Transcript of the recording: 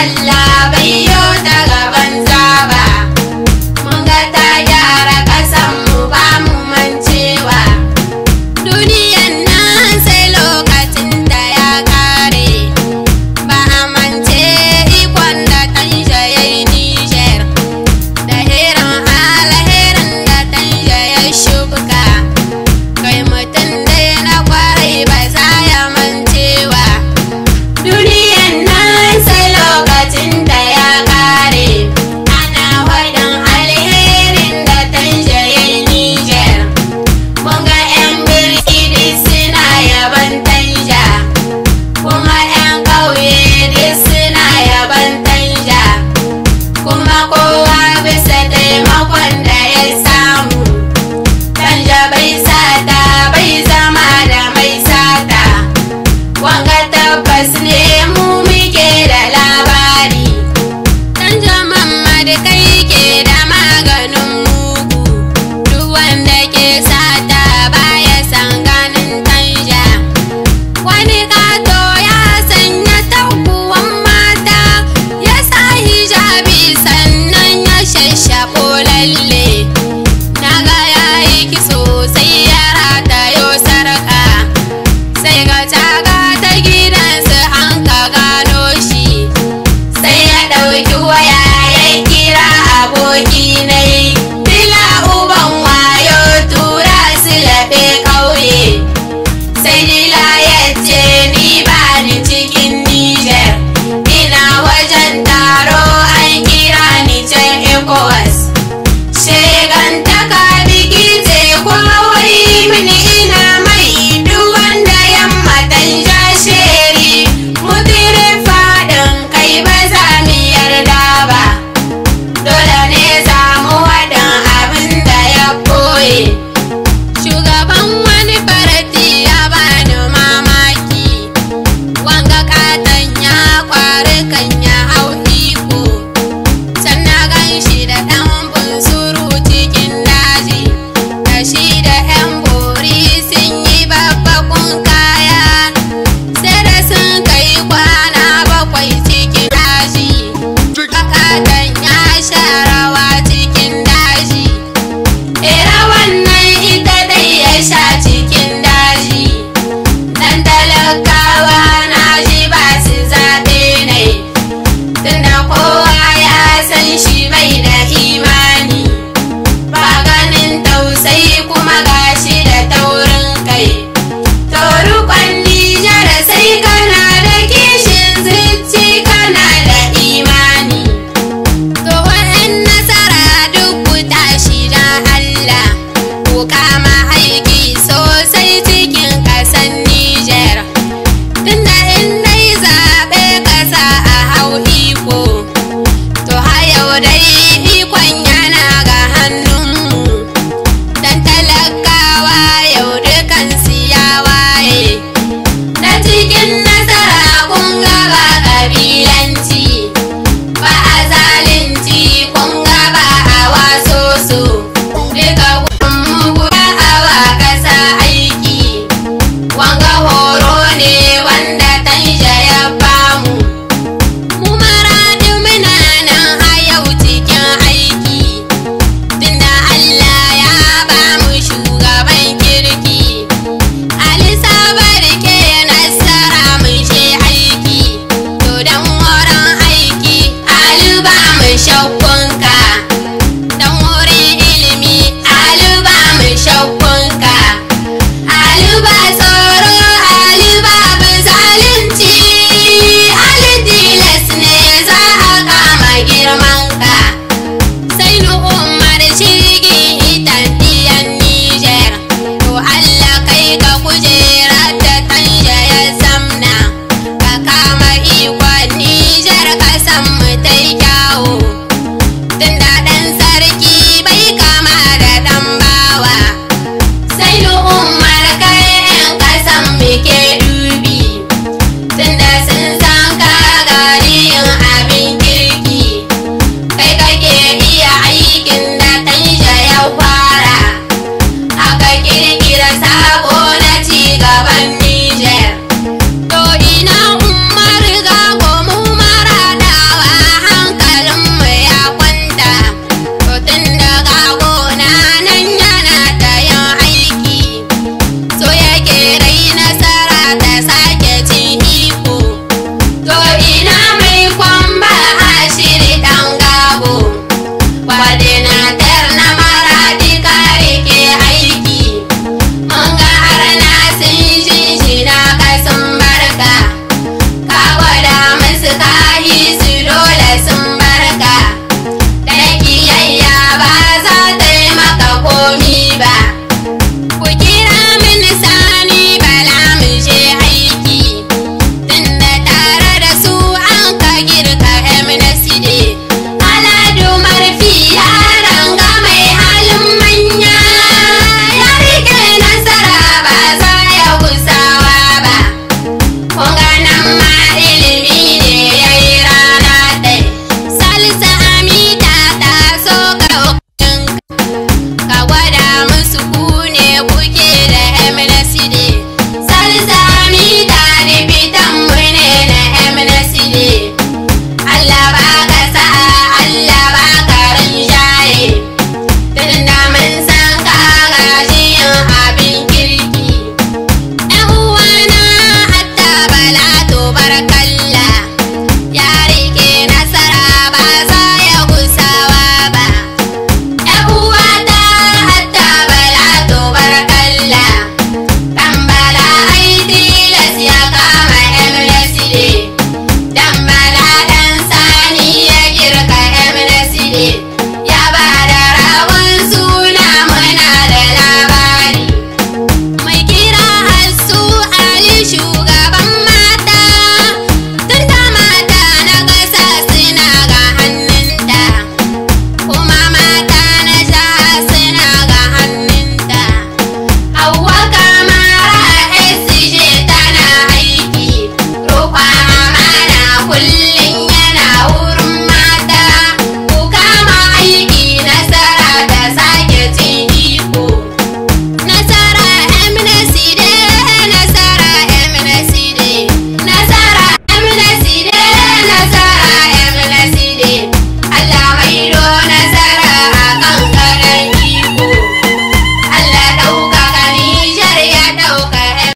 Allah bai que sou